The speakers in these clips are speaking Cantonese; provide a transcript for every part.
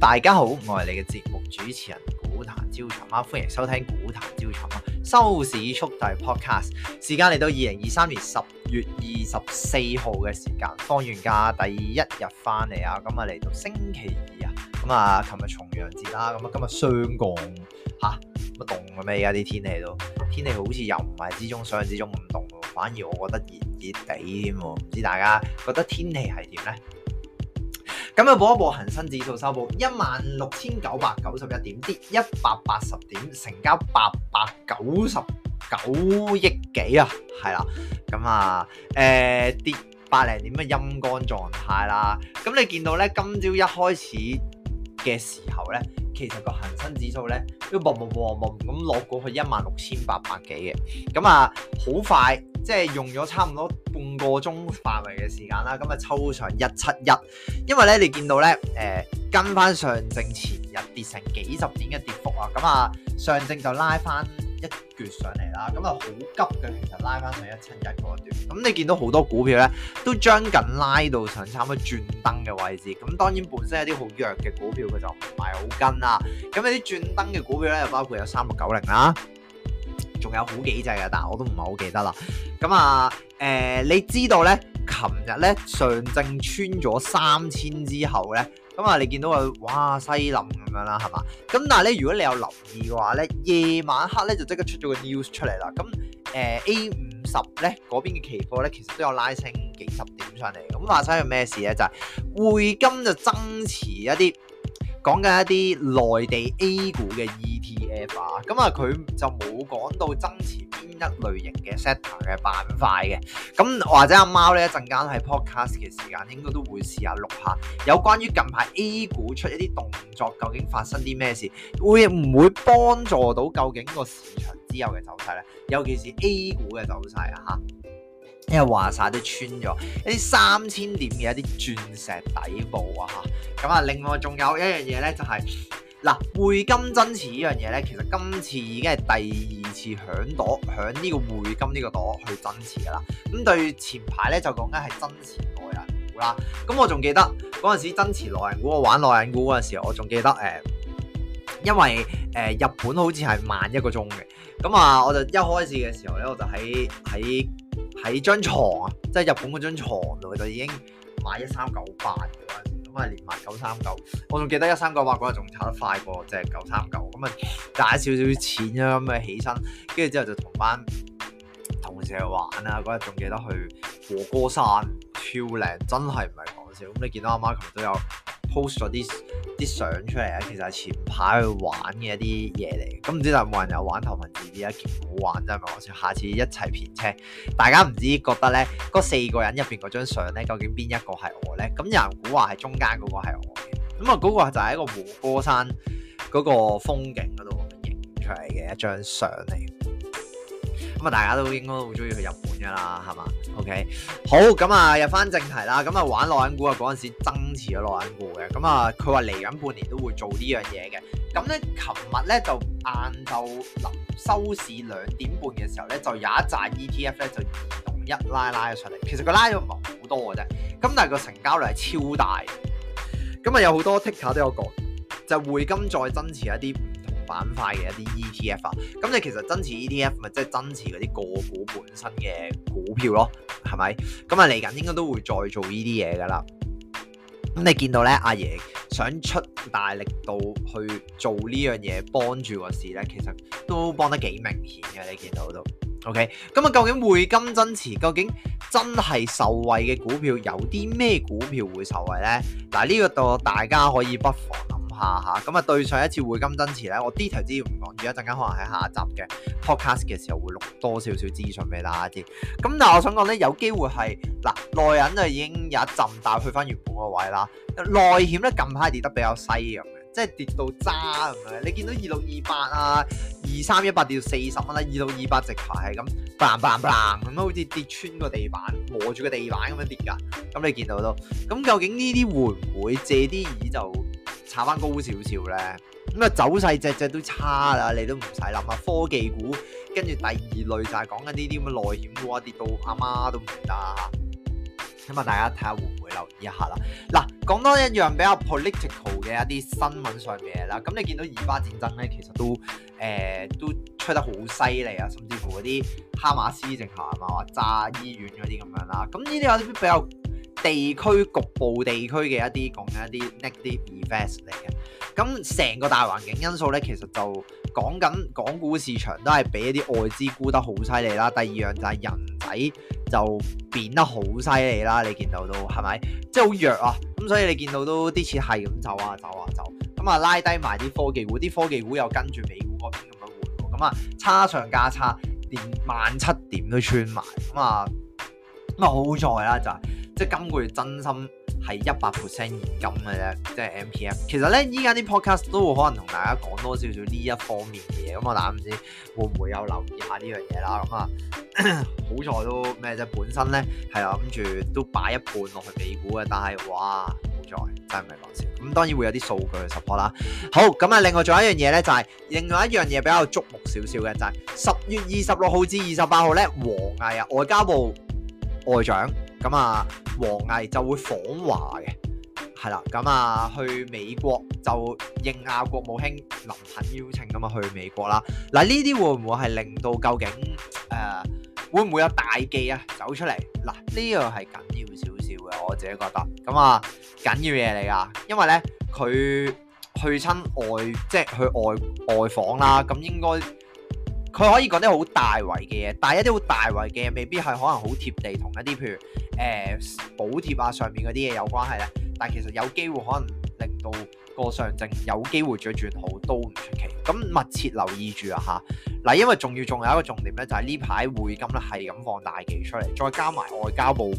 大家好，我係你嘅節目主持人股壇招財貓！歡迎收聽股壇招財貓，收市速遞 Podcast。時間嚟到二零二三年十月二十四號嘅時間，放完假第一日翻嚟啊！今日嚟到星期二啊，咁啊，琴日重陽節啦，咁啊，今日霜降吓，乜凍嘅咩？而家啲天氣都天氣好似又唔係之中想像之中咁凍，反而我覺得熱熱哋添，唔知大家覺得天氣係點呢？今日報一報恆生指數收報一萬六千九百九十一點跌，跌一百八十點，成交八百九十九億幾啊，係、啊呃、啦，咁啊，誒跌百零點嘅陰乾狀態啦，咁你見到咧今朝一開始嘅時候咧。其實個恒生指數咧都冇冇冇冇咁落過去一萬六千八百幾嘅，咁啊好快即係用咗差唔多半個鐘範圍嘅時間啦，咁啊抽上一七一，因為咧你見到咧誒、呃、跟翻上證前日跌成幾十點嘅跌幅啊，咁、嗯、啊上證就拉翻。一撅上嚟啦，咁啊好急嘅，其實拉翻上一七一嗰段，咁你見到好多股票咧都將緊拉到上差唔多轉燈嘅位置，咁當然本身一啲好弱嘅股票佢就唔係好跟啦，咁有啲轉燈嘅股票咧就包括有三六九零啦，仲有好幾隻㗎，但我都唔係好記得啦，咁啊誒、呃，你知道咧，琴日咧上證穿咗三千之後咧。咁啊，你見到佢哇西林咁樣啦，係嘛？咁但係咧，如果你有留意嘅話咧，夜晚黑咧就即刻出咗個 news 出嚟啦。咁誒、呃、A 五十咧嗰邊嘅期貨咧，其實都有拉升幾十點上嚟。咁發生咗咩事咧？就係、是、匯金就增持一啲講緊一啲內地 A 股嘅 ETF 啊。咁啊，佢就冇講到增持。一類型嘅 set 嘅板塊嘅，咁或者阿貓咧一陣間喺 podcast 嘅時間，應該都會試下錄下有關於近排 A 股出一啲動作，究竟發生啲咩事，會唔會幫助到究竟個市場之後嘅走勢咧？尤其是 A 股嘅走勢啊，吓，因為話晒都穿咗一啲三千點嘅一啲鑽石底部啊，吓，咁啊，另外仲有一樣嘢咧就係、是。嗱，匯金增持呢樣嘢咧，其實今次已經係第二次響朵響呢個匯金呢個朵去增持噶啦。咁對前排咧就講緊係增持內銀股啦。咁我仲記得嗰陣時增持內銀股，我玩內銀股嗰陣時候，我仲記得誒，因為誒日本好似係慢一個鐘嘅。咁啊，我就一開始嘅時候咧，我就喺喺喺張床啊，即係日本嗰張牀度就已經買一三九八嘅。咁啊連埋九三九，我仲記得一三九八嗰日仲炒得快過即係九三九，咁啊賺少少錢咁啊起身，跟住之後就同班同事去玩啦。嗰日仲記得去卧歌山，超靚，真係唔係講笑。咁你見到阿媽琴日都有。post 咗啲啲相出嚟啊，其實係前排去玩嘅一啲嘢嚟，咁唔知但有冇人有玩頭文字 D，一件好玩啫，我下次一齊片車，大家唔知覺得咧，嗰四個人入邊嗰張相咧，究竟邊一個係我咧？咁有人估話係中間嗰個係我嘅，咁啊嗰個就係一個湖波山嗰個風景嗰度影出嚟嘅一張相嚟。咁啊，大家都應該好中意去日本噶啦，係嘛？OK，好，咁啊，入翻正題啦。咁啊，玩內銀股啊，嗰陣時增持咗內銀股嘅。咁啊，佢話嚟緊半年都會做呢樣嘢嘅。咁咧，琴日咧就晏晝、呃、收市兩點半嘅時候咧，就有一扎 ETF 咧就異動一拉拉咗出嚟。其實佢拉咗唔係好多嘅啫，咁但係個成交量係超大。咁啊，有好多 TikTok 都有講，就係、匯金再增持一啲。板塊嘅一啲 ETF 啊，咁你其實增持 ETF 咪即係增持嗰啲個股本身嘅股票咯，係咪？咁啊，嚟緊應該都會再做呢啲嘢噶啦。咁你見到咧，阿爺想出大力度去做呢樣嘢，幫住個市咧，其實都幫得幾明顯嘅。你見到都 OK。咁啊，究竟匯金增持，究竟真係受惠嘅股票有啲咩股票會受惠咧？嗱，呢個度大家可以不妨下下咁啊，對上一次匯金增持咧，我啲投資唔講，而家陣間可能喺下一集嘅 podcast 嘅時候會錄多少少資訊俾大家啲。咁嗱，但我想講咧，有機會係嗱內銀啊已經有一浸，但係去翻原本個位啦。內險咧近排跌得比較犀利咁樣，即係跌到渣咁樣。你見到二六二八啊，二三一八跌到四十蚊啦，二六二八直排係咁，嘭嘭嘭咁樣，好似跌穿個地板，磨住個地板咁樣跌㗎。咁你見到都咁，究竟呢啲會唔會借啲耳就？炒翻高少少咧，咁啊走勢隻只都差啦，你都唔使諗啊。科技股跟住第二類就係講緊呢啲咁嘅內險窩啲，到阿媽都唔得。咁啊，請問大家睇下會唔會留意一下啦？嗱，講多一樣比較 political 嘅一啲新聞上嘅嘢啦。咁你見到以巴戰爭咧，其實都誒、呃、都出得好犀利啊，甚至乎嗰啲哈馬斯直頭係嘛話炸醫院嗰啲咁樣啦。咁呢啲有啲比較。地區局部地區嘅一啲講緊一啲 negative effects 嚟嘅，咁成個大環境因素咧，其實就講緊港股市場都係俾一啲外資沽得好犀利啦。第二樣就係人仔就貶得好犀利啦，你見到都係咪？即係好弱啊！咁所以你見到都啲錢係咁走啊走啊走啊，咁啊拉低埋啲科技股，啲科技股又跟住美股嗰邊咁樣換，咁啊差上加差，連萬七點都穿埋，咁啊咁啊好在啦就。即係今個月真心係一百 percent 現金嘅啫，即係 MPF。其實咧，依家啲 podcast 都會可能同大家講多少少呢一方面嘅嘢。咁我諗唔知會唔會有留意下呢樣嘢啦。咁啊， 好在都咩啫？本身咧係諗住都擺一半落去美股嘅，但係哇，好在真係唔係講笑。咁當然會有啲數據去 support 啦。好，咁啊，另外仲有一樣嘢咧，就係、是、另外一樣嘢比較觸目少少嘅就係、是、十月二十六號至二十八號咧，王毅啊，外交部外長咁啊。王毅就會訪華嘅，係啦，咁啊去美國就應亞國務卿林肯邀請咁啊去美國啦。嗱，呢啲會唔會係令到究竟誒、呃、會唔會有大計啊走出嚟？嗱，呢個係緊要少少嘅，我自己覺得咁啊緊要嘢嚟啊，因為咧佢去親外即係去外外訪啦，咁應該佢可以講啲好大圍嘅嘢，但係一啲好大圍嘅嘢未必係可能好貼地同一啲譬如。誒、呃、補貼啊，上面嗰啲嘢有關係咧，但係其實有機會可能令到個上證有機會再轉好都唔出奇，咁密切留意住啊嚇！嗱，因為仲要仲有一個重點咧，就係呢排匯金咧係咁放大幾出嚟，再加埋外交部誒、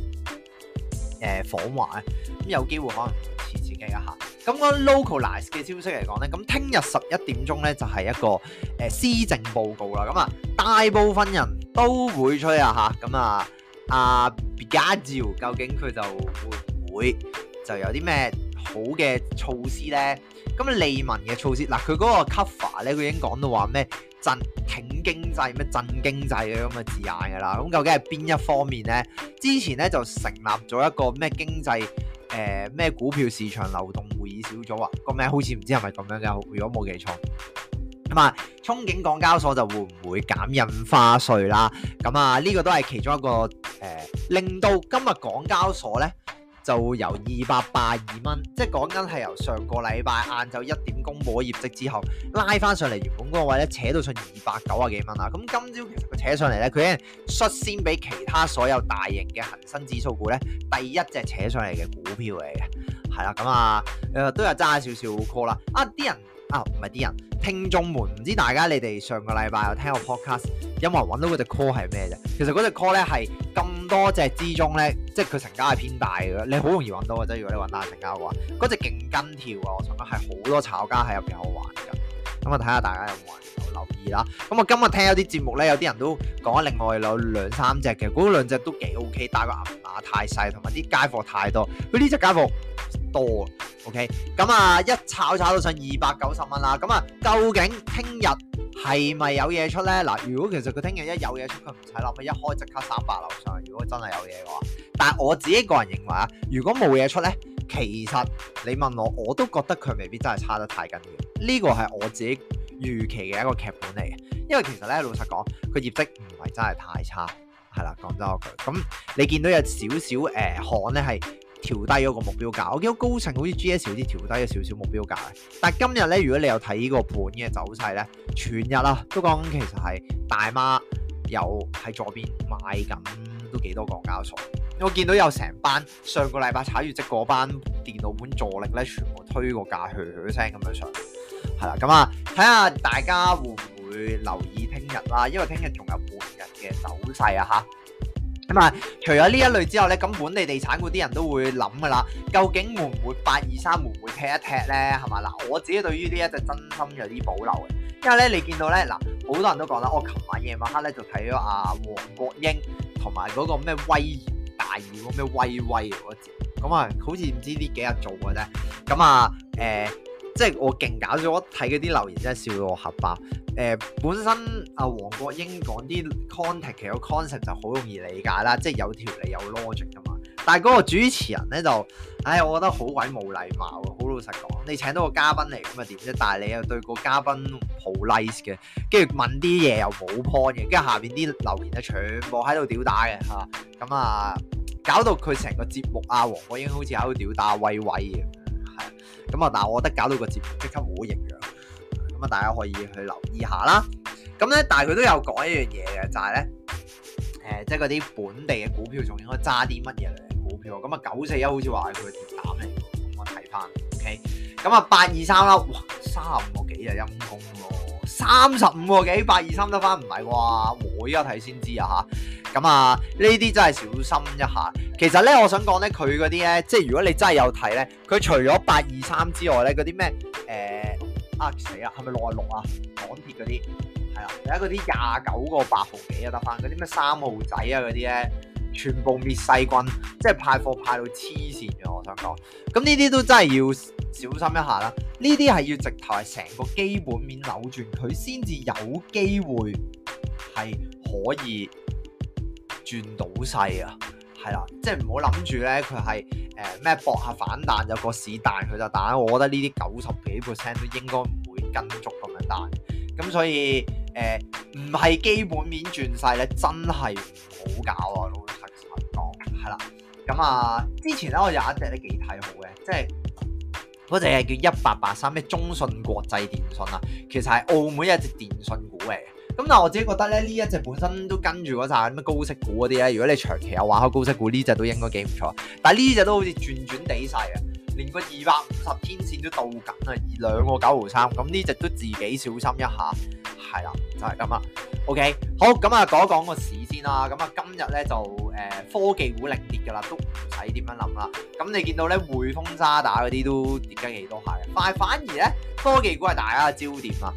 呃、訪華咧，咁有機會可能遲遲嘅一下。咁講、嗯那個、localize 嘅消息嚟講咧，咁聽日十一點鐘咧就係、是、一個誒施、呃、政報告啦，咁啊大部分人都會吹啊嚇，咁啊～啊、uh，Bjajio，究竟佢就會唔會就有啲咩好嘅措施咧？咁利民嘅措施嗱，佢嗰個 cover 咧，佢已經講到話咩振挺經濟、咩振經濟嘅咁嘅字眼噶啦。咁究竟係邊一方面咧？之前咧就成立咗一個咩經濟誒咩股票市場流動會議小組啊，個名好似唔知係咪咁樣嘅，如果冇記錯。咁啊、嗯，憧憬港交所就會唔會減印花稅啦？咁啊，呢、這個都係其中一個誒、呃，令到今日港交所咧就由二百八二蚊，即係講緊係由上個禮拜晏晝一點公布咗業績之後，拉翻上嚟原本嗰個位咧，扯到上二百九啊幾蚊啦。咁今朝其實佢扯上嚟咧，佢已經率先俾其他所有大型嘅恒生指數股咧，第一隻扯上嚟嘅股票嚟嘅，係啦。咁啊，誒、呃、都有揸少少 call 啦。啊啲人。啊，唔係啲人，聽眾們，唔知大家你哋上個禮拜有聽我 podcast，有冇人揾到嗰隻 call 係咩啫？其實嗰隻 call 咧係咁多隻之中咧，即係佢成交係偏大嘅，你好容易揾到嘅啫。如果你揾單成交嘅話，嗰隻勁跟跳啊！我覺得係好多炒家喺入邊好玩噶。咁我睇下大家有冇人留意啦。咁、嗯、我今日聽有啲節目咧，有啲人都講另外有兩,兩三隻嘅，嗰、那個、兩隻都幾 OK，但係個銀碼太細，同埋啲街貨太多。佢呢隻街貨多。OK，咁啊一炒炒到上二百九十蚊啦，咁啊究竟聽日係咪有嘢出呢？嗱，如果其實佢聽日一有嘢出，佢唔使諗，佢一開即刻三百樓上。如果真係有嘢嘅話，但係我自己個人認為啊，如果冇嘢出呢，其實你問我，我都覺得佢未必真係差得太緊要。呢個係我自己預期嘅一個劇本嚟嘅，因為其實呢，老實講，佢業績唔係真係太差，係啦，講真一句。咁你見到有少少誒看咧係。呃調低嗰個目標價，我見到高層好似 G S 嗰啲調低咗少少目標價。但係今日咧，如果你有睇依個盤嘅走勢咧，全日啊都講其實係大媽又喺左邊買緊，都幾多港交所。我見到有成班上個禮拜炒月績嗰班電腦盤助力咧，全部推個價，嘘嘘聲咁樣上。係啦，咁啊，睇下大家會唔會留意聽日啦，因為聽日仲有半日嘅走勢啊，嚇！咁啊，除咗呢一類之後咧，咁本地地產股啲人都會諗噶啦，究竟會唔會八二三會唔會踢一踢咧？係嘛嗱，我自己對於呢一隻真心有啲保留嘅，因為咧你見到咧嗱，好多人都講啦，我琴晚夜晚黑咧就睇咗阿黃國英同埋嗰個咩威言大義，咩威威啊，咁、嗯、啊，好似唔知呢幾日做嘅啫，咁、嗯、啊，誒、呃，即係我勁搞咗睇嗰啲留言真，真係笑到我核爆。誒、呃、本身啊，黃國英講啲 context，其實 concept 就好容易理解啦，即係有條理有 logic 㗎嘛。但係嗰個主持人咧就，唉，我覺得好鬼冇禮貌啊！好老實講，你請到個嘉賓嚟咁啊點啫？但係你又對個嘉賓好 nice 嘅，跟住問啲嘢又冇 point 嘅，跟住下邊啲留言咧全部喺度屌打嘅嚇，咁啊搞到佢成個節目啊，黃國英好似喺度屌打威威嘅，係咁啊嗱，但我覺得搞到個節目即刻冇營養。咁啊，大家可以去留意下啦。咁咧，但係佢都有講一樣嘢嘅，就係咧，誒，即係嗰啲本地嘅股票仲應該揸啲乜嘢嚟？股票？咁啊，九四一好似話係佢鐵膽嚟，我睇翻。OK。咁啊，八二三啦，哇，三十五個幾啊陰功咯，三十五個幾，八二三得翻唔係啩？我依家睇先知啊吓，咁啊，呢啲真係小心一下。其實咧，我想講咧，佢嗰啲咧，即係如果你真係有睇咧，佢除咗八二三之外咧，嗰啲咩誒？呃呃死啊，係咪六啊六啊？港鐵嗰啲係啊，而家嗰啲廿九個八毫幾啊，得翻嗰啲咩三毫仔啊嗰啲咧，全部滅細菌，即係派貨派到黐線嘅，我想講。咁呢啲都真係要小心一下啦。呢啲係要直頭係成個基本面扭轉佢先至有機會係可以轉到勢啊。係啦，即係唔好諗住咧，佢係誒咩博下反彈有個市彈佢就彈，我覺得呢啲九十幾 percent 都應該唔會跟足咁樣彈，咁所以誒唔係基本面轉晒，咧，真係唔好搞老實、嗯、啊！老實講，係啦，咁啊之前咧我有一隻都幾睇好嘅，即係嗰隻嘢，叫一八八三咩中信國際電信啊，其實係澳門一隻電信股嚟。咁但我自己覺得咧，呢一隻本身都跟住嗰曬咩高息股嗰啲咧，如果你長期有玩開高息股，呢隻都應該幾唔錯。但係呢隻都好似轉轉地勢啊，連個二百五十天線都到緊啊，兩個九毫三。咁呢隻都自己小心一下，係啦，就係咁啦。OK，好咁啊、嗯，講一講個市先啦。咁、嗯、啊，今日咧就誒、呃、科技股領跌嘅啦，都唔使點樣諗啦。咁、嗯、你見到咧，匯豐渣打嗰啲都跌緊幾多下嘅，反而咧科技股係大家嘅焦點啊。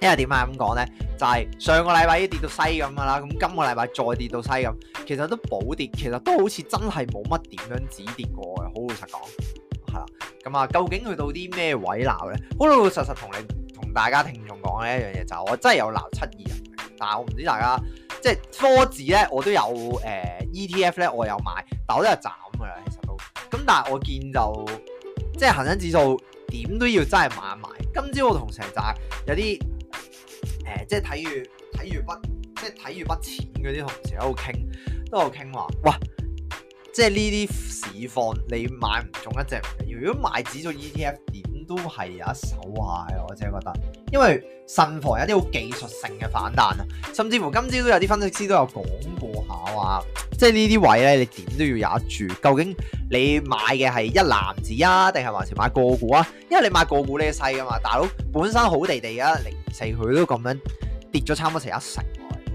因為點解咁講咧，就係、是、上個禮拜已跌到西咁噶啦，咁今個禮拜再跌到西咁，其實都補跌，其實都好似真係冇乜點樣止跌過嘅，好老實講，係啦，咁、嗯、啊，究竟去到啲咩位鬧咧？好老老實實同你同大家聽眾講呢一樣嘢，就是、我真係有鬧七二人。但係我唔知大家即係科指咧，我都有誒、呃、ETF 咧，我有買，但我都係斬噶啦，其實都，咁但係我見就即係恒生指數點都要真係買一買，今朝我同成澤有啲。誒、呃，即係睇住睇住筆，即係睇住筆錢嗰啲同事喺度傾，都喺度傾話，哇！即係呢啲市況，你買唔中一隻，如果買指數 ETF，點都係有一手下啊！我真係覺得，因為慎防有啲好技術性嘅反彈啊，甚至乎今朝都有啲分析師都有講過下話。即係呢啲位咧，你點都要有一注。究竟你買嘅係一籃子啊，定係還是買個股啊？因為你買個股咧細噶嘛，大佬本身好地地啊，零四佢都咁樣跌咗差唔多成一成，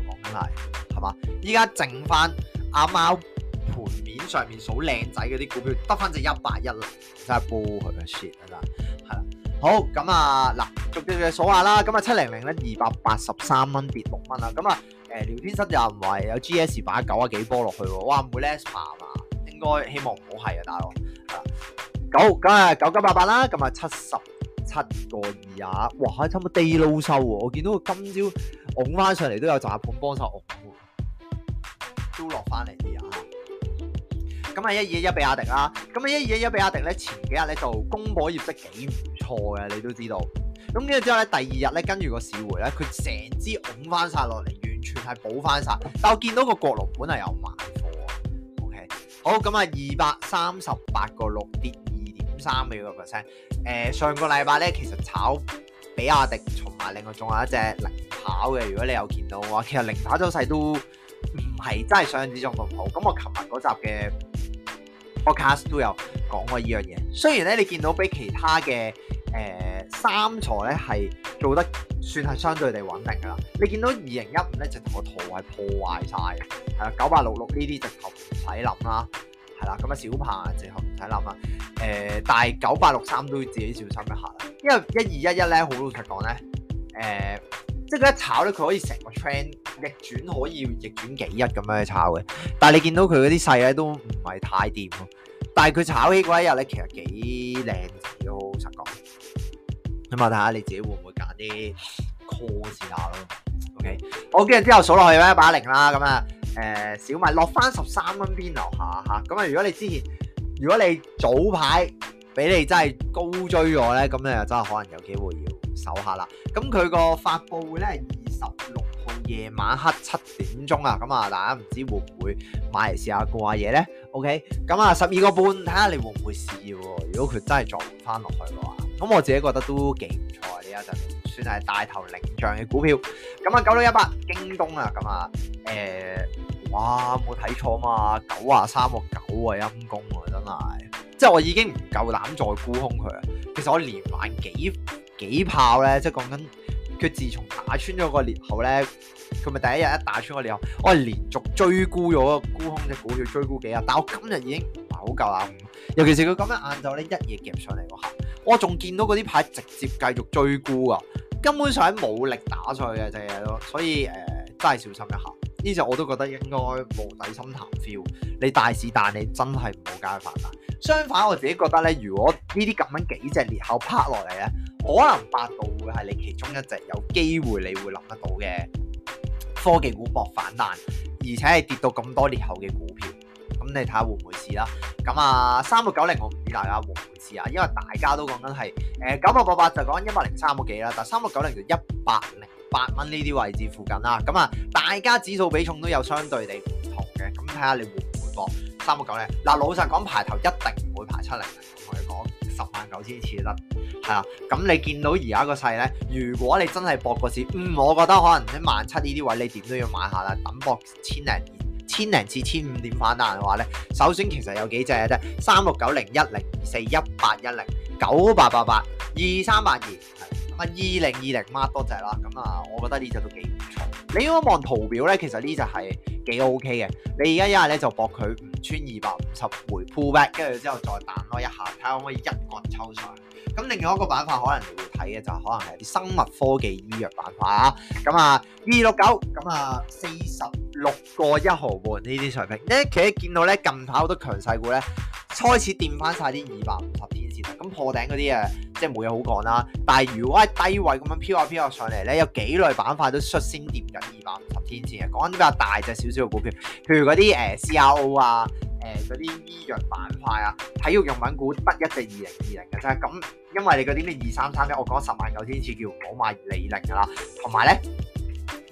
講緊係係嘛？依家剩翻阿貓盤面上面數靚仔嗰啲股票，得翻隻一百一啦，真係煲佢個 shit 啊！係啦，好咁啊，嗱逐隻隻數下啦。咁啊，七零零咧二百八十三蚊跌六蚊啦，咁啊。誒，聊天室又唔係有 GS 把九啊幾波落去喎，哇唔會 less 麻嘛，應該希望唔好係啊，大佬。九咁啊九九八八啦，咁啊七十七個二啊，哇差唔多 day low 收喎，我見到佢今朝拱翻上嚟，都有集盤幫手拱，都落翻嚟啲啊。咁啊一二一一比亞迪啦，咁啊一二一一比亞迪咧前幾日咧就公佈業績幾唔錯嘅，你都知道。咁跟住之後咧，第二日咧跟住個市回咧，佢成支拱翻晒落嚟。全係補翻晒，但我見到個國龍本係有買貨啊。OK，好，咁啊，二百三十八個六，跌二點三幾個 percent。誒、呃，上個禮拜咧，其實炒比亞迪，同埋另外仲有一隻零跑嘅。如果你有見到嘅話，其實零跑走勢都唔係真係上之中咁好。咁我琴日嗰集嘅 podcast 都有講過依樣嘢。雖然咧，你見到比其他嘅誒、呃、三財咧係做得。算係相對地穩定噶啦，你見到二零一五咧就同個圖係破壞晒，係啦，九八六六呢啲直頭唔使諗啦，係啦，咁啊小鵬啊直頭唔使諗啦，誒、呃、但係九八六三都要自己小心一下，因為一二一一咧，好老實講咧誒，即、呃、係、佢、一炒咧佢可以成個 trend 逆轉，可以逆轉幾日咁樣去炒嘅，但係你見到佢嗰啲勢咧都唔係太掂咯，但係佢炒起嗰一日咧其實幾靚，好老實講，咁啊睇下你自己會唔會？啲 call 試下咯。OK，我今日之後數落去咧一零啦。咁啊，誒、呃、小米落翻十三蚊邊度下嚇？咁啊、嗯，如果你之前如果你早排俾你真係高追咗咧，咁你咧真係可能有機會要守下啦。咁佢個發布會咧係二十六號夜晚黑七點鐘啊。咁、嗯、啊，大家唔知會唔會買嚟試下過下嘢咧？OK，咁啊十二個半睇下你會唔會試？如果佢真係撞翻落去嘅話，咁我自己覺得都幾唔錯啊！呢一陣。就係大頭領將嘅股票，咁啊九六一八京東啊，咁啊，誒、欸，哇，冇睇錯啊嘛，九啊三個九啊，陰功啊，真係，即係我已經唔夠膽再沽空佢啊。其實我連買幾幾炮咧，即係講緊佢自從打穿咗個裂口咧，佢咪第一日一打穿個裂口，我係連續追沽咗個沽空隻股票追沽幾日，但我今日已經唔係好夠膽，尤其是佢今日晏晝咧一夜夾上嚟嗰刻，我仲見到嗰啲牌直接繼續追沽啊。根本上係冇力打出去嘅隻嘢咯，所以誒、呃、真係小心一下。呢隻我都覺得應該冇底深潭 feel。你大市但你真係唔好加去反彈。相反，我自己覺得咧，如果呢啲咁樣幾隻裂口拍落嚟咧，可能百度會係你其中一隻有機會你會諗得到嘅科技股博反彈，而且係跌到咁多裂口嘅股票。你睇下會唔會試啦？咁啊，三六九零我唔知大家會唔會試啊，因為大家都講緊係誒，九六八八就講緊一百零三嗰幾啦，但三六九零就一百零八蚊呢啲位置附近啦。咁啊，大家指數比重都有相對地唔同嘅，咁睇下你會唔會搏三六九零？嗱，老實講排頭一定唔會排七零，我同你講十萬九千次啦，係啊。咁你見到而家個勢咧，如果你真係搏個市，嗯，我覺得可能喺萬七呢啲位你點都要買下啦，等搏千零。千零至千五點反彈嘅話咧，首先其實有幾隻嘅啫，三六九零一零二四一八一零九八八八二三八二咁啊二零二零 mark 多隻啦，咁啊我覺得呢隻都幾唔錯。你如果望圖表咧，其實呢隻係幾 OK 嘅。你而家一係咧就博佢五千二百五十回 pull back，跟住之後再彈開一下，睇下可唔可以一竿抽出嚟。咁另外一個板塊可能你會睇嘅就係可能係啲生物科技醫藥板塊啊。咁啊二六九咁啊四十。六個一毫半呢啲水平呢，咧其實見到咧近排好多強勢股咧開始掂翻晒啲二百五十天線啦。咁破頂嗰啲誒，即係冇嘢好講啦。但係如果喺低位咁樣飄啊飄啊上嚟咧，有幾類板塊都率先掂緊二百五十天線嘅。講緊比較大隻少少嘅股票，譬如嗰啲誒、呃、CRO 啊、誒嗰啲醫藥板塊啊、體育用品股得一隻二零二零嘅啫。咁、就是、因為你嗰啲咩二三三一，我講十萬九千次叫唔好買李寧噶啦，同埋咧。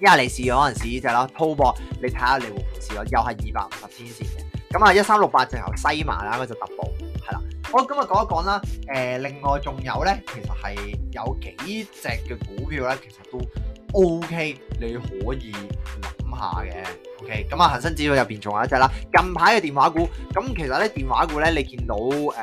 你試可能試一你試咗嗰陣呢隻啦，鋪博你睇下你會唔會試咗？又係二百五十天線嘅，咁啊一三六八就由西馬啦，佢就突破，係啦。我今日講一講啦，誒另外仲有咧，其實係有幾隻嘅股票咧，其實都 O、OK, K，你可以諗下嘅。O K，咁啊恒生指數入邊仲有一隻啦，近排嘅電話股，咁其實咧電話股咧，你見到誒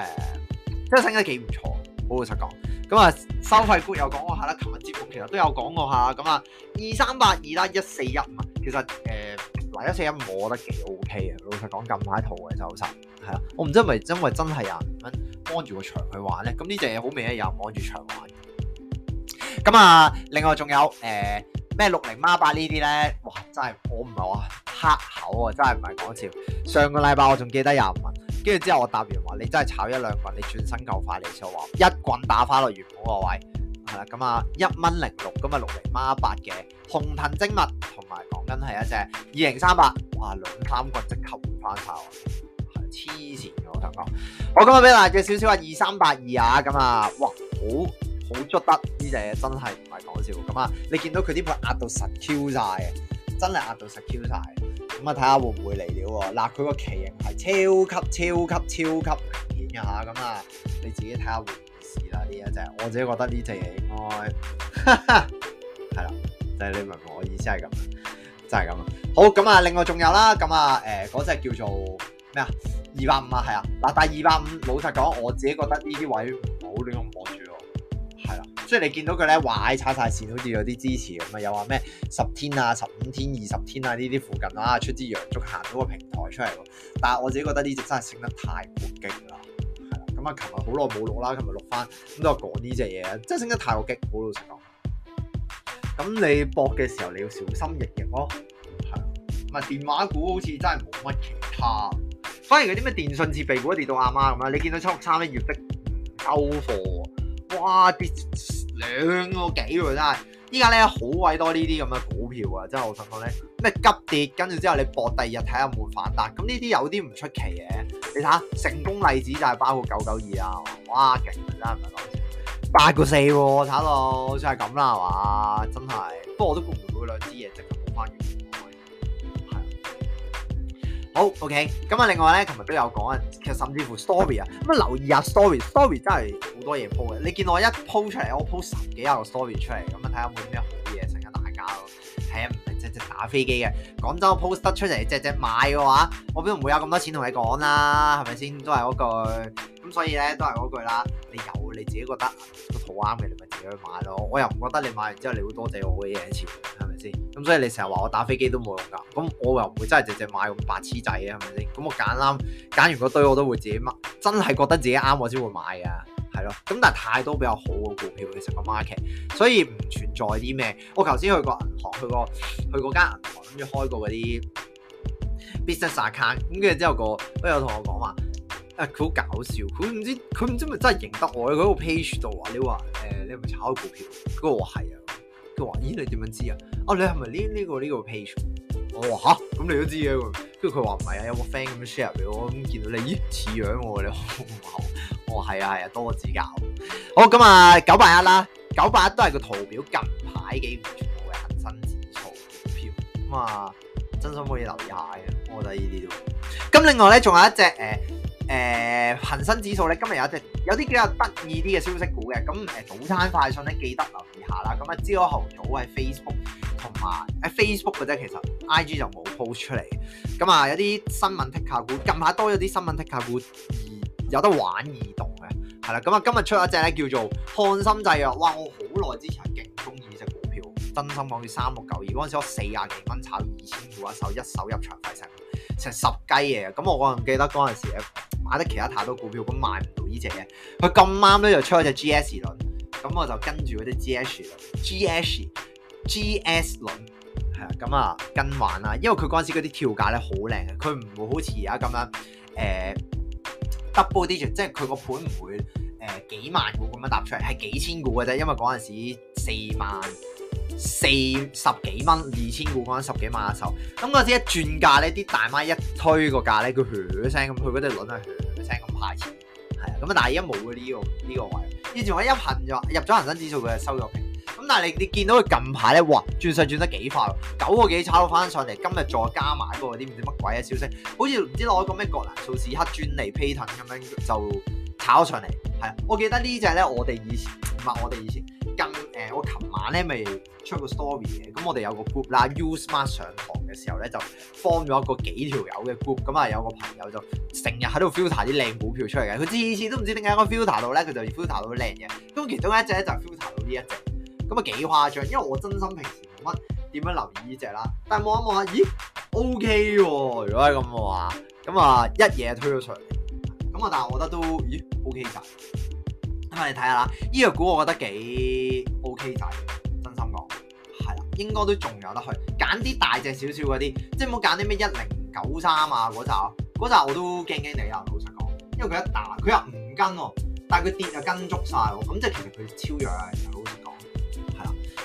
即係升得幾唔錯，我、呃、老實講。咁啊、嗯，收費官又講過下啦，琴日節目其實都有講過下咁啊，二三八二啦，一四一五啊，其實誒嗱一四一五我覺得幾 OK 啊。老實講，近排淘嘅收實係啊，我唔知係咪因為真係啊，有人幫住個牆去玩咧。咁呢隻嘢好明顯有人按住牆玩。咁、嗯、啊、嗯，另外仲有誒咩六零孖八呢啲咧？哇，真係我唔係話黑口啊，真係唔係講笑。上個禮拜我仲記得廿五蚊。跟住之後，我答完話，你真係炒一兩棍，你轉身夠快你就話一棍打翻落原本個位，係啦，咁啊，一蚊零六咁啊，六零孖八嘅鴻騰精密，同埋講緊係一隻二零三八、嗯嗯，哇兩三棍即刻換翻手，黐線嘅我同你講，我今日俾大隻少少啊二三八二啊咁啊，哇好好捉得呢隻真係唔係講笑，咁、嗯、啊、嗯、你見到佢啲盤壓到實 Q 晒！嘅，真係壓到實 Q 晒！咁啊，睇下會唔會嚟料喎？嗱，佢個旗形係超級超級超級明顯嘅吓，咁啊、嗯，你自己睇下會唔會事啦呢一隻，我自己覺得呢隻嘢應該係啦，就係、你明唔明我意思係咁？就係、是、咁、就係。好，咁啊，另外仲有啦，咁啊，誒、欸，嗰隻叫做咩啊？二百五啊，係啊，嗱，但係二百五，老實講，我自己覺得呢啲位唔好亂咁搏住咯。即係你見到佢咧，橫叉晒線，好似有啲支持咁啊，又話咩十天啊、十五天、二十天啊呢啲附近啊出支陽燭行到個平台出嚟。但係我自己覺得呢隻真係升得太過激啦，係啦。咁、嗯、啊，琴日好耐冇錄啦，琴日錄翻咁、嗯、都係講呢隻嘢，真係升得太過激，好老實講。咁你博嘅時候你要小心翼翼咯，咁啊。唔係電話股好似真係冇乜其他，反而嗰啲咩電訊設備股跌到阿媽咁啦。你見到七六三咧月的收貨，哇兩個幾喎真係，依家咧好鬼多呢啲咁嘅股票啊！真係我想講咧，咩急跌，跟住之後你搏第二日睇下有冇反彈，咁呢啲有啲唔出奇嘅。你睇下成功例子就係包括九九二啊，哇勁啊真係，八個四喎、啊，炒佬即係咁啦係嘛，真係。不過我都估唔到呢兩支嘢即。好 OK，咁啊，另外咧，琴日都有講啊，其實甚至乎 story 啊，咁啊留意下 story，story story 真係好多嘢鋪嘅。 你見我一鋪出嚟，我鋪十幾個 story 出嚟，咁啊睇下有冇啲咩好嘢成日大家咯。係啊，唔係只只打飛機嘅。講真，我 post 得出嚟隻隻買嘅話，我邊度會有咁多錢同你講啦、啊？係咪先？都係嗰句。咁所以咧，都係嗰句啦。你有你自己覺得好啱嘅，你咪自己去買咯。我又唔覺得你買完之後你會多謝我嘅嘢一咁所以你成日話我打飛機都冇用噶，咁我又唔會真係只只買咁白痴仔啊，係咪先？咁我揀啱，揀完個堆我都會自己買，真係覺得自己啱我先會買啊，係咯。咁但係太多比較好嘅股票，其實個 market，所以唔存在啲咩。我頭先去個銀行，去個去嗰間銀行，諗住開過嗰啲 business account 咁跟住之後個都有同我講話，誒、啊，佢好搞笑，佢唔知佢唔知咪真係認得我？佢喺個 page 度話你話誒，你係咪、呃、炒股票？佢話係啊。佢話，咦，你點樣知、哦，這個這個這個哦、啊？哦，你係咪呢呢個呢個 page？我話，吓，咁你都知嘅喎。跟住佢話，唔係啊，有，有樣我 friend 咁 share 俾我咁見到你，咦似樣喎、哦，你好唔好？我話，係啊係啊，多指教。好，咁啊九八一啦，九八一都係個圖表近排幾全部嘅恒生指數股票，咁啊，真心可以留意下嘅。我覺得呢啲都。咁另外咧仲有一隻誒誒、呃呃、恒生指數咧，今日有一隻有啲比較得意啲嘅消息股嘅。咁誒，早餐快訊咧記得留下啦，咁啊朝頭早喺 Facebook 同埋喺 Facebook 嘅啫，其實 IG 就冇 po 出嚟。咁、嗯、啊有啲新聞剔價股，近排多咗啲新聞剔價股而有得玩異動嘅，係啦。咁、嗯、啊今日出咗一隻咧叫做翰森製藥，哇！我好耐之前係勁中意依隻股票，真心講起三六九二嗰陣時，我四廿幾蚊炒二千股一手，一手入場費成成十雞嘢。咁、嗯、我唔記得嗰陣時有買得其他太多股票，咁買唔到呢隻嘢。佢咁啱咧就出咗隻 GS 輪。咁我就跟住嗰啲 GSH GSH GS 輪，係啊，咁啊跟玩啦，因為佢嗰陣時嗰啲跳價咧好靚嘅，佢唔會好似而家咁樣誒、呃、double digit，即係佢個盤唔會誒、呃、幾萬股咁樣搭出嚟，係幾千股嘅啫，因為嗰陣時四萬四十幾蚊二千股陣十幾萬嘅時候，咁嗰陣時一轉價咧，啲大媽一推，個價咧，佢噓聲咁，佢嗰隻輪啊噓聲咁派錢。咁但係而家冇嘅呢個呢個位，以前我一行就入咗恒生指數，佢係收咗平。咁但係你你見到佢近排咧，哇，轉勢轉得幾快喎！九個幾炒到翻上嚟，今日再加埋一、那個啲唔知乜鬼嘅消息，好似唔知攞個咩國難數字黑專利 P 騰咁樣就炒上嚟。係，我記得呢就係咧我哋以前，唔係我哋以前。跟誒、呃，我琴晚咧咪出個 story 嘅，咁我哋有個 group 啦、啊，U Smart 上堂嘅時候咧就 form 咗個幾條友嘅 group，咁啊有個朋友就成日喺度 filter 啲靚股票出嚟嘅，佢次次都唔知點解我 filter 到咧，佢就 filter 到靚嘅，咁其中一隻咧就 filter 到呢一隻，咁啊幾誇張，因為我真心平時冇乜點樣留意呢隻啦，但望一望啊，咦，OK 喎、哦，如果係咁嘅話，咁啊一嘢推咗出嚟，咁啊但係我覺得都咦 OK 㗎。我哋睇下啦，呢個股我覺得幾 OK 仔，真心講，係啦，應該都仲有得去，揀啲大隻少少嗰啲，即係唔好揀啲咩一零九三啊嗰扎，嗰扎我都驚驚地啊，老實講，因為佢一打，佢又唔跟喎，但係佢跌就跟足晒喎，咁即係其實佢超弱啊。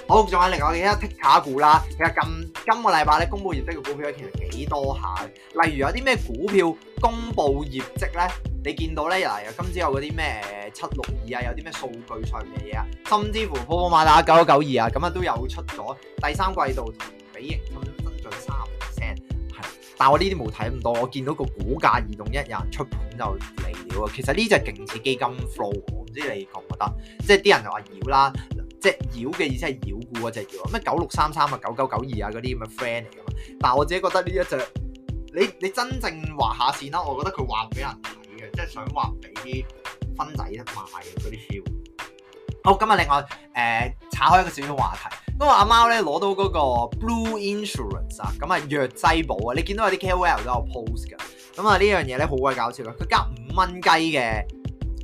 好，仲有另外嘅一剔卡股啦，其實今今個禮拜咧，公佈業績嘅股票咧，其實幾多下，例如有啲咩股票公佈業績咧，你見到咧，嗱又今朝有嗰啲咩七六二啊，有啲咩數據上嘅嘢啊，甚至乎泡泡瑪特九一九二啊，咁啊都有出咗第三季度同比營收增長三十 percent，係，但係我呢啲冇睇咁多，我見到個股價移動一有人出盤就嚟了，其實呢隻勁似基金 flow，我唔知你覺唔覺得，即係啲人就話妖啦。即係妖嘅意思係妖股嗰隻妖，咩九六三三啊、九九九二啊嗰啲咁嘅 friend 嚟㗎嘛。但係我自己覺得呢一隻，你你真正話下線啦，我覺得佢話俾人睇嘅，即係想話俾啲分仔賣嘅嗰啲 feel。好，咁啊。另外誒炒、呃、開一個小小話題，因為阿貓咧攞到嗰個 Blue Insurance 啊，咁啊藥劑保啊，你見到有啲 KOL 都有 post 㗎。咁啊呢樣嘢咧好鬼搞笑㗎，佢加五蚊雞嘅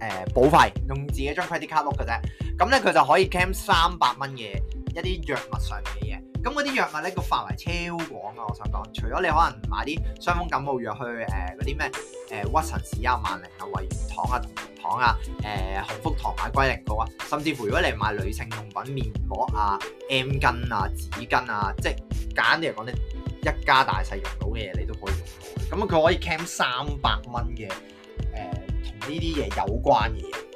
誒保費，用自己張 credit card 碌嘅啫。咁咧佢就可以 camp 三百蚊嘅一啲藥物上面嘅嘢，咁嗰啲藥物咧個範圍超廣啊。我想講，除咗你可能買啲傷風感冒藥去誒嗰啲咩誒屈臣氏啊、萬寧啊、位元堂啊、同仁堂啊、誒鴻福堂買龜苓膏啊，甚至乎如果你係買女性用品面膜啊、M 巾啊、紙巾啊，即係簡單啲嚟講咧，一家大細用到嘅嘢你都可以用到，咁佢可以 camp 三百蚊嘅誒同呢啲嘢有關嘅嘢。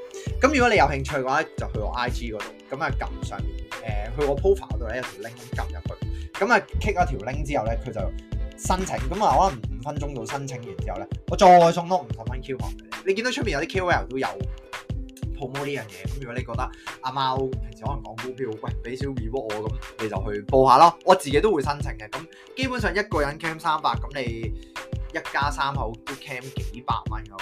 咁如果你有興趣嘅話，就去我 IG 嗰度，咁啊撳上面，誒、呃、去我 profile 嗰度咧，有條 link 撳入去，咁啊 click 嗰條 link 之後咧，佢就申請，咁啊可能五分鐘到申請完之後咧，我再送多五十蚊 Q 幣，你你見到出面有啲 KOL 都有 promo 呢樣嘢，咁如果你覺得阿、啊、貓平時可能講股票，喂俾少 reward 我咁，你就去報下咯，我自己都會申請嘅，咁基本上一個人 cam 三百，咁你一家三口都 cam 幾百蚊嘅。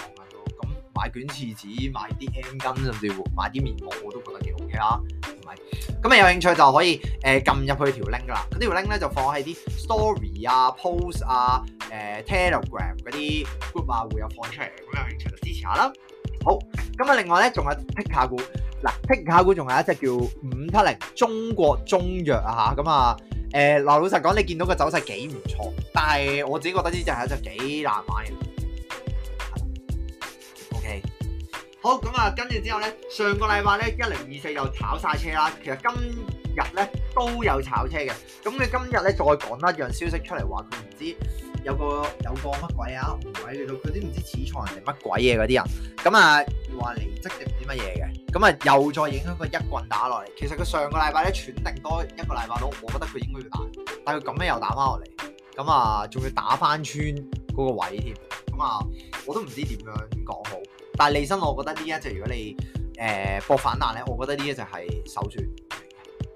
買卷廁紙，買啲毛巾，甚至乎買啲面膜，我都覺得幾 OK 啦。係咪？咁啊有興趣就可以誒撳入去條 link 噶啦，咁呢條 link 咧就放喺啲 story 啊、post 啊、誒、呃、Telegram 嗰啲 group 啊會有放出嚟，咁有興趣就支持下啦。好，咁啊另外咧仲有 pick 下股，嗱 pick 下股仲係一隻叫五七零中國中藥啊吓，咁啊誒嗱、呃、老實講，你見到個走勢幾唔錯，但係我自己覺得呢隻係一隻幾難買嘅。好，咁啊，跟、嗯、住之後咧，上個禮拜咧一零二四又炒晒車啦。其實今日咧都有炒車嘅，咁、嗯、佢今日咧再講一樣消息出嚟，話佢唔知有個有個乜鬼啊，唔鬼嚟到，佢都唔知始創人定乜鬼嘢嗰啲人，咁啊話離職定唔知乜嘢嘅，咁、嗯、啊又再影響佢一棍打落嚟。其實佢上個禮拜咧，斷定多一個禮拜囉，我覺得佢應該要打，但係佢咁樣又打翻落嚟，咁啊仲要打翻穿嗰個位添，咁、嗯、啊、嗯、我都唔知點樣講好。但係利申，我覺得呢一隻如果你誒博、呃、反彈咧，我覺得呢一隻係首選，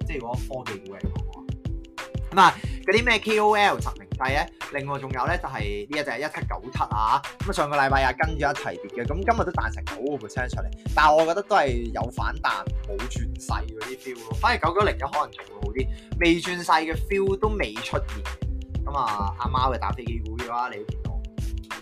即係如果科技股嚟講，咁啊嗰啲咩 KOL 實名制咧，另外仲有咧就係、是、呢一隻一七九七啊，咁、嗯、啊上個禮拜又跟住一齊跌嘅，咁、嗯、今日都彈成九個 percent 出嚟，但我覺得都係有反彈冇轉勢嗰啲 feel 咯，反而九九零一可能仲會好啲，未轉勢嘅 feel 都未出現。咁、嗯、啊，阿貓去打飛機股嘅話，你？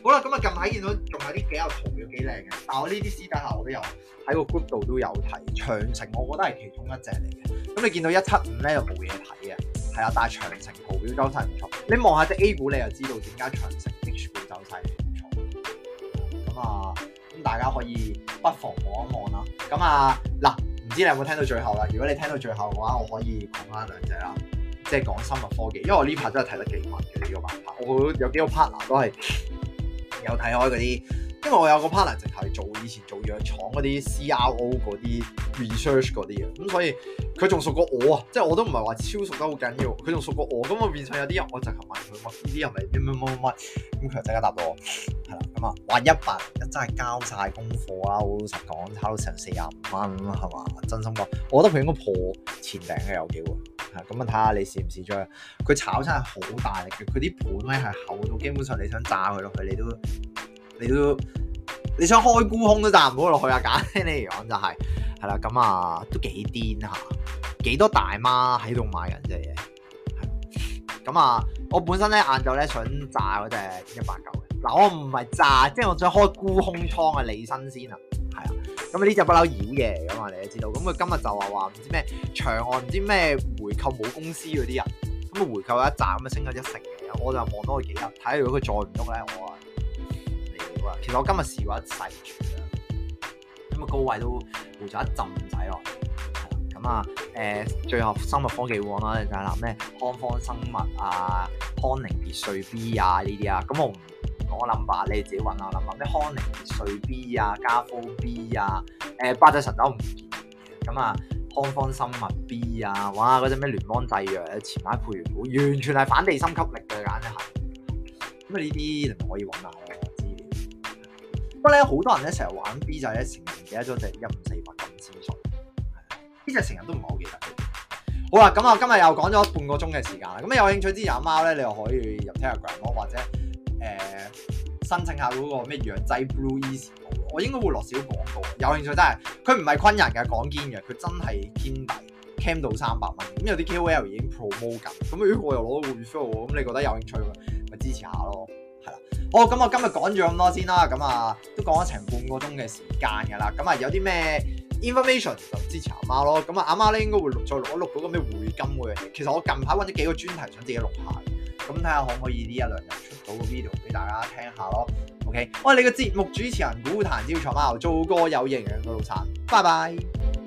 好啦，咁啊近排見到仲有啲幾有圖表幾靚嘅。但係我呢啲私底下我都有喺個 group 度都有睇長城，我覺得係其中一隻嚟嘅。咁你見到一七五咧就冇嘢睇嘅，係啊，但係長城圖表走勢唔錯。你望下隻 A 股，你又知道點解長城 H 股走勢，唔、嗯、錯。咁、嗯、啊，咁、嗯嗯、大家可以不妨望一望啦。咁啊嗱，唔、嗯嗯、知你有冇聽到最後啦？如果你聽到最後嘅話，我可以講返兩隻啦，即係講生物科技，因為我呢排真係睇得幾密嘅呢個板塊。我有幾個 partner 都係。有睇開嗰啲，因為我有個 partner 直頭係做以前做藥廠嗰啲 CRO 嗰啲 research 嗰啲嘅，咁、嗯、所以佢仲熟過我啊，即、就、係、是、我都唔係話超熟得好緊要，佢仲熟過我，咁、嗯、我變相有啲人我就問佢乜，呢啲人嚟乜乜乜乜乜，咁佢就即刻答到我，係啦，咁、嗯、啊，話一百一真係交晒功課啦，好老實講，差到成四廿五蚊，係嘛？真心講，我覺得佢應該破前頂嘅有機會。咁啊，睇下你試唔試張？佢炒真係好大力嘅，佢啲盤咧係厚到，基本上你想炸佢落去，你都你都你想開沽空都炸唔到落去啊！簡單嚟講就係、是，係啦，咁啊都幾癲嚇、啊，幾多大媽喺度買緊隻嘢。咁啊、嗯，我本身咧晏晝咧想炸嗰隻一八九嘅，嗱我唔係炸，即係我想開沽空倉嘅理身先啊！咁呢隻不嬲妖嘢嚟噶嘛，你都知道。咁佢今日就話話唔知咩長岸，唔知咩回購冇公司嗰啲人，咁啊回購一扎，咁啊升咗一成。我就望多佢幾日，睇下如果佢再唔喐咧，我啊離咗啊。其實我今日試過一世住啊，咁啊高位都回咗一浸仔咯。咁、嗯、啊、誒、嗯嗯、最後生物科技旺啦，就係嗱咩康方生物啊、康寧別墅 B 啊呢啲啊，咁啊。嗯嗯我諗下，你自己揾下諗下咩康寧瑞 B 啊、呃、加福 B 啊、誒百濟神州咁啊、康方生物 B 啊，哇！嗰隻咩聯邦製藥前晚配完股，完全係反地心吸力嘅，簡直係。咁啊，呢啲你可以揾下我資料。不過咧，好多人咧成日玩 B 就仔咧，成日記得多隻一五四八咁之類。呢隻成日都唔係好記得。好啦，咁我今日又講咗半個鐘嘅時間啦。咁有興趣之友貓咧，你又可以入 Telegram 咯，或者。申請下嗰個咩養仔 BlueEase 我應該會落少廣告，有興趣真係佢唔係昆人㗎，講堅嘅，佢真係堅底 cam 到三百蚊。咁有啲 KOL 已經 promote 緊。咁如果我又攞到 referral 喎，咁你覺得有興趣咪支持下咯，係啦。哦，咁、嗯、我今日講咗咁多先啦，咁、嗯、啊都講咗成半個鐘嘅時間㗎啦，咁、嗯、啊、嗯、有啲咩 information 就支持阿媽咯。咁啊阿媽咧應該會再錄一錄嗰個咩匯金嗰樣嘢。其實我近排揾咗幾個專題想自己錄下咁睇下可唔可以呢一兩日。個 video 俾大家聽下咯，OK？我係你個節目主持人股壇招財貓，做個有營養嘅老襯，拜拜。